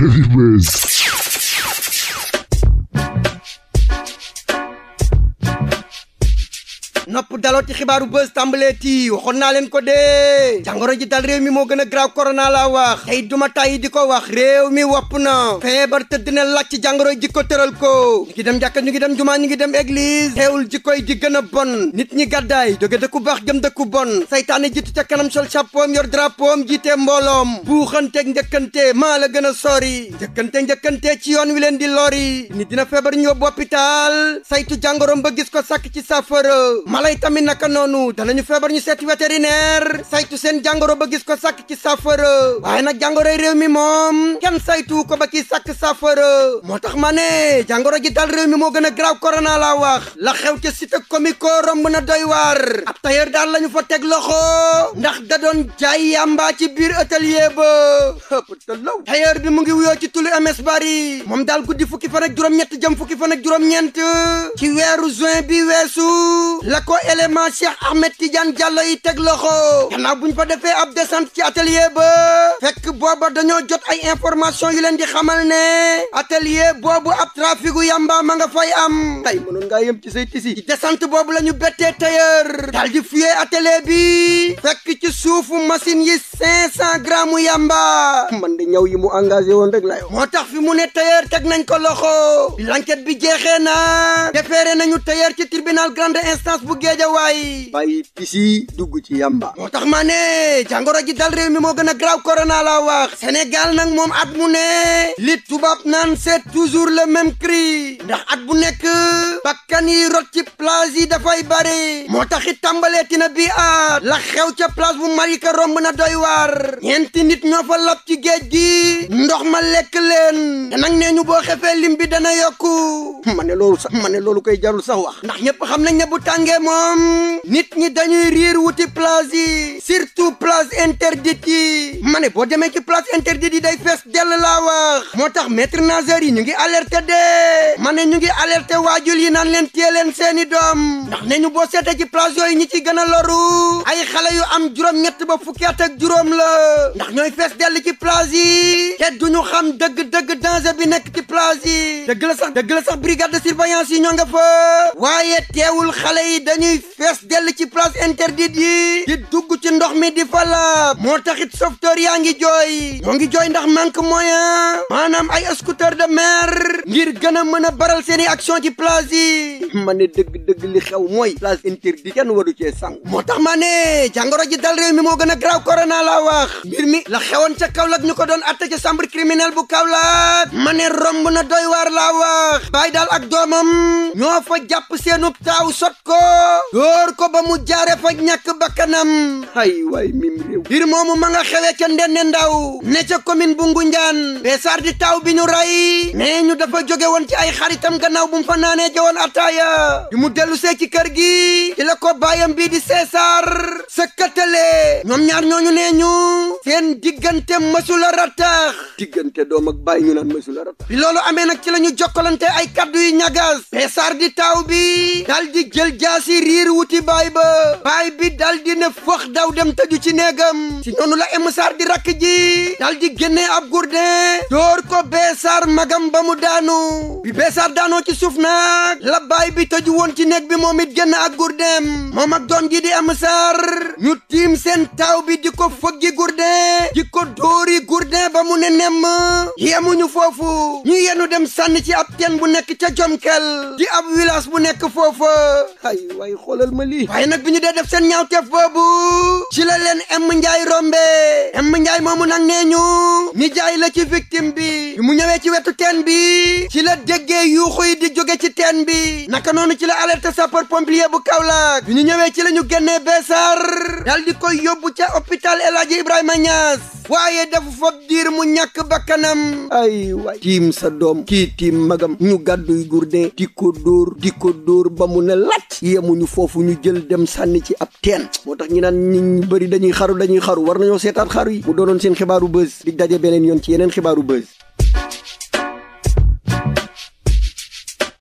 Heavyweights. nopp daloo ci xibaaru bës tàmbalee ti waxoon naa leen ko dee jàngoro ji dal réew mi moo gën a graaw corona laa wax tey duma tàyyi di ko wax réew mi wopp na feebar tëdd na laaj ci jàngoro ji ko tëral ko ñu ngi dem jàkka ñu ngi dem jumaa ñu ngi dem église teewul ji di gën a bon nit ñi gàddaay jóge dëkku baax jëm dëkku bon saytaane jiitu ca kanam sol chapeau yor drapeau am jiite mbooloom buuxanteeg njëkkante maa la gën a sori njëkkante njëkkante ci yoon wi leen di lori nit dina feebar ñu yóbbu hôpital jàngoroom ba gis ko sàkk ci saafara mala yi tamit naka noonu danañu feebar ñu seeti vétérinaire saytu seen jàngoro ba gis ko sàkk ci saafara waaye nag jàngoroy réew mi moom kenn saytu ko ba ki sàkk saafara moo tax ma ne jàngoro ji dal réew mi moo gën a graaw corona la wax la xew ca cité ko romb na doy waar ab tailleur daal lañu fa teg loxo ndax da doon jaay yamba ci biir atelier ba tailleur bi mu ngi wuyoo ci tulu ms bari moom daal guddi fukki fan ak juróom-ñett jëm fukki fan ak juróom-ñeent ci weeru juin bi ko élément Cheikh Ahmed Tidiane Diallo yi teg loxo gannaaw bu ñu fa defee ab descente ci atelier ba fekk booba dañoo jot ay information yu leen di xamal ne atelier boobu ab yamba ma nga fay am tey mënoon ngaa yem ci say tisi ci descente boobu la ñu bettee tailleur dal di fuyee atelier bi fekk ci suufu machine yi cinq cent grammes yamba mu engagé woon rek layo moo tax fi mu ne tailleur teg nañ ko loxo l'enquête bi jeexee na defeere nañu tailleur ci tribunal grande instance bu Guédiawaye bàyyi pisi dugg ci yamba moo tax maa ne jàngoro ji dal réew mi moo gën a graaw corona naa la wax Sénégal nag moom at mu ne li tubaab naan c'est toujours le même cri ndax at bu nekk bakkan yi rot ci plage yi dafay bari moo tax it tàmbaleeti na bii at la xew ca plage bu ka romb na doy waar ñeenti nit ñoo fa lab ci géej gi ndox ma lekk leen te nag nee ñu boo xefee lim bi dana yokku ma ne loolu sax ma ne loolu koy jarul sax wax ndax ñëpp xam nañ ne bu tàngee moom nit ñi dañuy riir wuti plage yi surtout plage yi ma ne boo demee ci place interdite yi day fees dell laa wax moo tax maître nageur yi ñu ngi alerte de ma ne ñu ngi alerte waajur yi naan leen téye leen seeni doom ndax ne ñu boo seetee ci place yooyu ñi ci gën a loru ay xale yu am juróom-ñett ba fukki at ak juróom la ndax ñooy fees dell ci place yi te ñu xam dëgg-dëgg danger bi nekk ci place yi dëgg la sax dëgg la sax brigade de surveillance yi ñoo nga fa waaye teewul xale yi dañuy fees dell ci place interdite yi di dugg ci ndox mi di falab moo taxit sauveteur yaa ngi jooy moo ngi jooy ndax manque moyen maanaam ay scooter de mer ngir gën a mën a baral seeni action ci place yi ma ne dëgg-dëgg li xew mooy place interdite kenn waru cee sangu moo tax maa ne jàngoro ji dal réew mi moo gën a graaw corona laa wax mbir mi la xewoon ca Kaolack ñu ko doon atte ca chambre criminelle bu Kaolack ma ne romb na doy waar laa wax bàyyi daal ak doomam ñoo fa jàpp ko dóor ko ba mu jaare fa ñàkk bakkanam ay waay mim réew mbir moomu ma xewee ca ndenne ndaw ne ca commune bu Ngunjaan beesaar di taaw bi ñu rey nee ñu dafa jóge woon ci ay xaritam gannaaw bu mu fa naanee jawoon ataaya bi mu dellu see ci kër gi ci la ko baayam bii di César sëkkatale ñoom ñaar ñooñu nee ñu seen diggante masula rattax diggante doom ak baay ñu naan masula rattax bi loolu amee nag ci la ñu jokkalante ay kaddu yu ñagas beesaar di taaw bi dal di jël jaasi wuti baay ba baay bi dal di ne fox daw dem tëju ci néegam si noonu la M di rakk ji dal di génne ab gourdin door ko bee magam ba mu daanu bi bee Sarr ci suuf nag la baay bi tëju woon ci néeg bi moom it génn ak gourdin moom ak doom ji di M ñu tiim seen taaw bi di ko fëggi gourdin di ko dóori gourdin ba mu ne nemm yemuñu foofu ñu yenu dem sànni ci ab teen bu nekk ca Jomkel di ab village bu nekk foofa ay waay xoolal ma lii nag bi ñu dee def seen ñaawteef boobu ci la leen emm njaay rombe emm njaay moomu nag nee ñu ñi jaay la ci victime bi mu ñëwee ci wetu teen bi ci la déggee yuuxu yi di jóge ci teen bi naka noonu ci la alerte sapeur pompier bu Kaolack bi ñu ñëwee ci la ñu génnee beesar dal di koy yóbbu ca hôpital El Hadji Ibrahima Niass waaye dafa fob diir mu ñàkk bakkanam ay waay tiim sa doom kii tiim magam ñu gàdduy gurdin di ko dóor di ko dóor ba mu ne lat yemuñu foofu ñu jël dem sànni ci ab teen moo tax ñi naan nit ñi bëri dañuy xaru dañuy xaru war nañoo seetaat xaru yi mu doonoon seen xibaaru buzz di daje beneen yoon ci yeneen xibaaru buzz